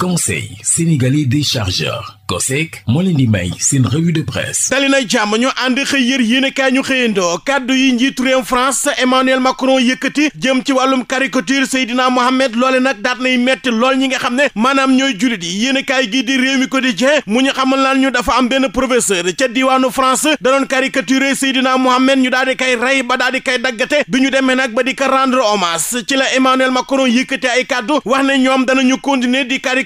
conseil sénégalais des chargeurs COSEC moo leen di may seen revue de presse dali nay jàmm ñu ànd xëy yër yéenekaay ñu xëyandoo kàddu yi njiitu réew France Emmanuel Macron yëkkati jëm ci wàllum caricature Seydina Mohamed loole nag daat nay metti lool ñi nga xam ne maanaam ñooy jullit yi yéenekaay gi di réew mi quotidien mu ñu xamal laan ñu dafa am benn professeur ca diwaanu France da doon caricaturer Seydina ñu daal di kay rey ba daal di kay daggate bi ñu demee nag ba di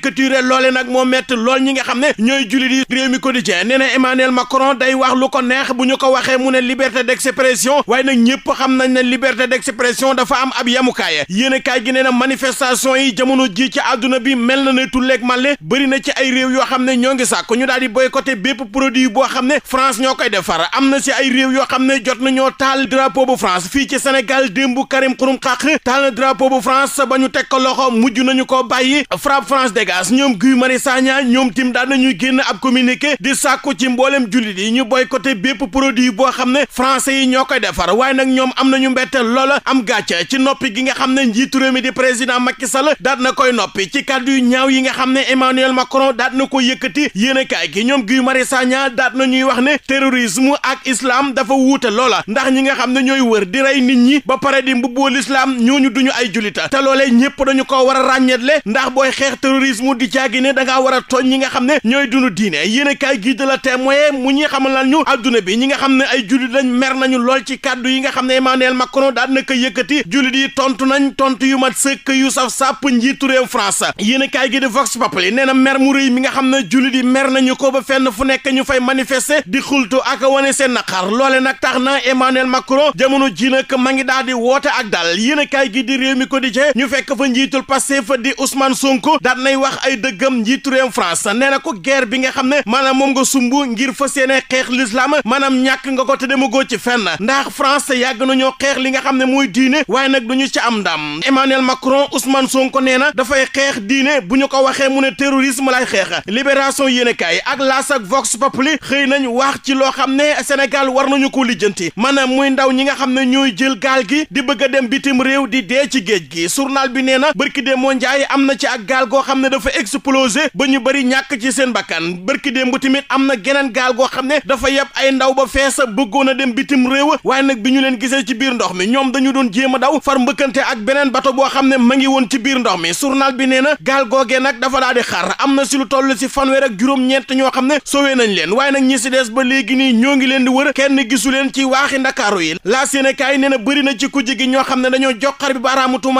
caricature loole nag moo mett lool ñi nga xam ne ñooy jullit yi réew mi quotidien nee na Emmanuel Macron day wax lu ko neex bu ñu ko waxee mu ne liberté d'expression waaye na ñëpp xam nañ ne liberté d'expression dafa am ab yamukaay yéenekaay gi nee na manifestation yi jamono ji ci àdduna bi mel na ne tulleeg màlle bëri na ci ay réew yoo xam ne ñoo ngi sàkk ñu daal di boycotté bépp produi boo xam ne France ñoo koy defar am na si ay réew yoo xam ne jot nañoo taal drapeau bu France fii ci Sénégal démb Karim Xurum Xaq taal na drapeau bu France ba ñu teg ko loxo mujj nañu ko bàyyi frappe France gaz ñoom Guy Marius Sagna ñoom tim daan nañuy génn ab communiqué di sàkku ci mboolem jullit yi ñu boycotté bépp produit boo xam ne français yi ñoo koy defar waaye nag ñoom am nañu mbetteel loola am gàcce ci noppi gi nga xam ne njiitu réew mi di président Macky Sall daat na koy noppi ci kàddu ñaaw yi nga xam ne Emmanuel Macron daat na ko yëkkati yéenekaay gi ñoom Guy Marius Sagna daat na ñuy wax ne terrorisme ak islam dafa wuute loola ndax ñi nga xam ne ñooy wër di rey nit ñi ba pare di mbubboo l'islam ñooñu duñu ay julita te loolee ñëpp dañu ko war a ràññetle ndax terrorisme di caagi ne da ngaa war a tooñ ñi nga xam ne ñooy dunu diine yéen a kaay gii de la témoin mu ñuy xamal lan ñu adduna bi ñi nga xam ne ay jullit lañ mer nañu lool ci kàddu yi nga xam ne Emmanuel Macron daan na ko yëkkati jullit yi tontu nañ tontu yu mat sëkk yu saf sàpp njiitu réew France yéen a kaay gii de Vox nee na mer mu rëy mi nga xam ne jullit yi mer nañu ko ba fenn fu nekk ñu fay manifester di xultu ak wane seen naqar loole nag tax na Emmanuel Macron jamono ji nag ma ngi daal di woote ak daal yéen kaay gii di réew mi quotidien ñu fekk fa njiitul Pastef di Ousmane Sonko daan nay wax wax ay dëggam njiitu réewum France nee na ko geer bi nga xam ne maanaam moom nga sumb ngir fas yéene xeex l'islam maanaam ñàkk nga ko te demagoo ci fenn ndax France yàgg nañoo xeex li nga xam ne mooy diine waaye nag ñu ci am ndam Emmanuel Macron Ousmane Sonko nee na dafay xeex diine bu ñu ko waxee mu ne terrorisme lay xeex libération yéene kaay ak laas ak Vox Populi xëy nañ wax ci loo xam ne senegal war nañu ko lijjanti maanaam muy ndaw ñi nga xam ne ñooy jël gaal gi di bëgg a dem bitim réew di dee ci géej gi journal bi nee na bërki de moo njaay am na ci ak gaal goo xam ne dafa explosé ba ñu bëri ñàkk ci seen bakkan bërki démb tamit am na geneen gaal goo xam ne dafa yeb ay ndaw ba feesa bëggoon a dem bitim réew waaye nag bi ñu leen gisee ci biir ndox mi ñoom dañu doon jéem a daw far mbëkkante ak beneen bato boo xam ne ma ngi woon ci biir ndox mi journal bi nee na gaal googee nag dafa daal di xar am na si lu toll si fan ak juróom-ñeent ñoo xam ne sowee nañ leen waaye nag ñi si des ba léegi nii ñoo ngi leen di wër kenn gisu leen ci waaxi ndakaaru yi laa Sénégal nee na bëri na ci kujje gi ñoo xam ne dañoo joxar bi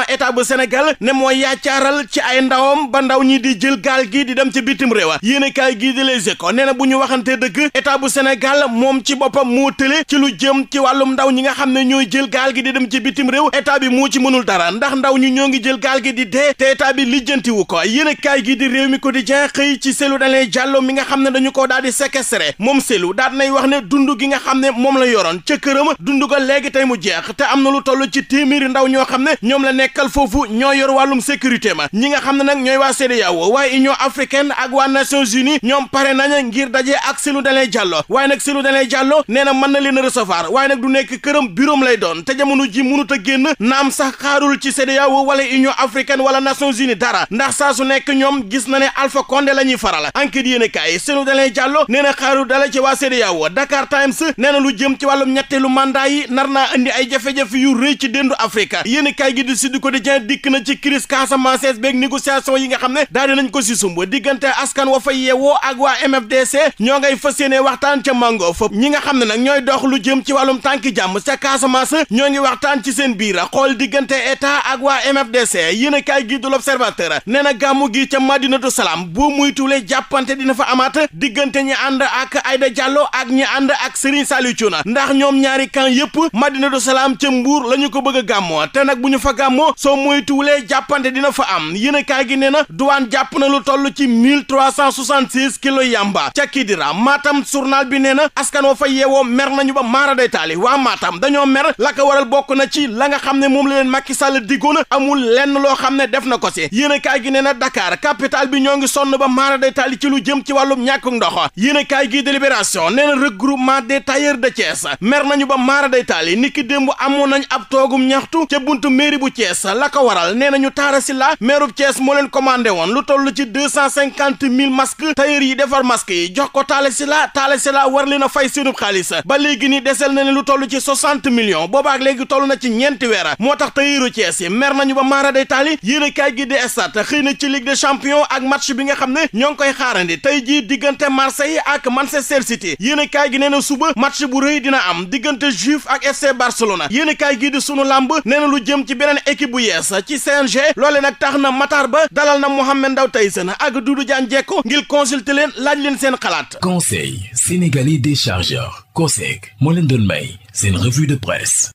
état bu Sénégal ne moo yaacaaral ci ay ndawam ba ndaw ñi ñi di jël gaal gi di dem ci bitim réewa yéenekaay gi di Les Échos nee na bu ñu waxantee dëgg état bu Sénégal moom ci boppam moo tële ci lu jëm ci wàllum ndaw ñi nga xam ne ñooy jël gaal gi di dem ci bitim réew état bi moo ci mënul dara ndax ndaw ñu ñoo ngi jël gaal gi di dee te état bi lijjantiwu ko yéenekaay gi di réew mi quotidien xëy ci Cellou Dalein Diallo mi nga xam ne dañu koo daal di sere moom Cellou daal nay wax ne dund gi nga xam ne moom la yoroon ca këram dund ko léegi tey mu jeex te am na lu toll ci téeméeri ndaw ñoo xam ne ñoom la nekkal foofu ñoo yor wàllum sécurité ma ñi nga xam ne nag ñooy waa CEDEAO waaye Union a ak waa Nations Unies ñoom pare nañ ngir daje ak Cellou Dalein waaye nag Cellou Dalein Diallo nee na mën na leen a recevoir waaye nag du nekk këram bureau lay doon te jamono ji a génn naam sax xaarul ci CEDEAO wala Union africaine wala Nations Unies dara ndax saa su nekk ñoom gis na ne Alpha Condé la ñuy faral enquête yéen a kaay Cellou Dalein Diallo nee na xaarul dala waa CEDEAO Dakar Times nee na lu jëm ci wàllum ñetteelu mandat yi nar naa andi ay jafe-jafe yu rëy ci déndu Afrique a yi nga ne daal dinañ ko si sumb diggante askan wa fa yeewoo ak waa MFDC ñoo ngay fas yéene waxtaan ca mango fa ñi nga xam ne nag ñooy dox lu jëm ci wàllum tànk jàmm ca Casamance ñoo ngi waxtaan ci seen biir a xool diggante état ak waa MFDC yéen a kaay gi du l'Observateur nee na gàmmu gi ca madina Madinatu Salaam boo muytuulee jàppante dina fa amaat diggante ñi ànd ak Aïda Diallo ak ñi ànd ak Serigne Saliou ndax ñoom ñaari camp yépp Madinatu Salaam ca Mbuur la ñu ko bëgg a gàmmoo te nag bu ñu fa gàmmoo soo muytuulee jàppante dina fa am yéen douane jàpp na lu toll ci 1366 kilos yamba ca Kidira Matam journal bi nee na askan wa fa yeewoo mer nañu ba maara day taali waa Matam dañoo mer la ko waral bokk na ci la nga xam ne moom la leen Macky Sall diggoon amul lenn loo xam ne def na ko si yéen a kaay gi nee na Dakar capital bi ñoo ngi sonn ba maara day taali ci lu jëm ci wàllum ñàkk ndox yéen a kaay gi délibération nee na regroupement des tailleurs de Thiès mer nañu ba maara day taali niki démb amoon nañ ab toogum ñaxtu ca buntu mairie bu Thiès la waral nee na ñu taara si la maire bu Thiès leen commandé woon woon lu toll ci deux cent cinquante mille masques tailleur yi defar masques yi jox ko Talla Sylla Talla Sylla war leen a fay seenub xaalis ba léegi ni desel na lu toll ci soixante millions boobaak léegi toll na ci ñeenti weer moo tax tailleuru Thiès yi mer nañu ba maara taali yéen a kaay gi di stade xëy na ci Ligue des champions ak match bi nga xam ne ñoo ngi koy xaarandi tey jii diggante Marseille ak Manchester City yéen a kaay gi nee na suba match bu rëy dina am diggante Juve ak FC Barcelona yéen a kaay di sunu làmb nee na lu jëm ci beneen équipe bu yees ci CNG loole nag tax na Matar Ba dalal na Mohamed Ndaw Tyson ak Doudou Diagne Diecko ngir consulter leen laaj leen seen xalaat. Conseil sénégalais des chargeurs COSEC moo leen doon may seen revue de presse.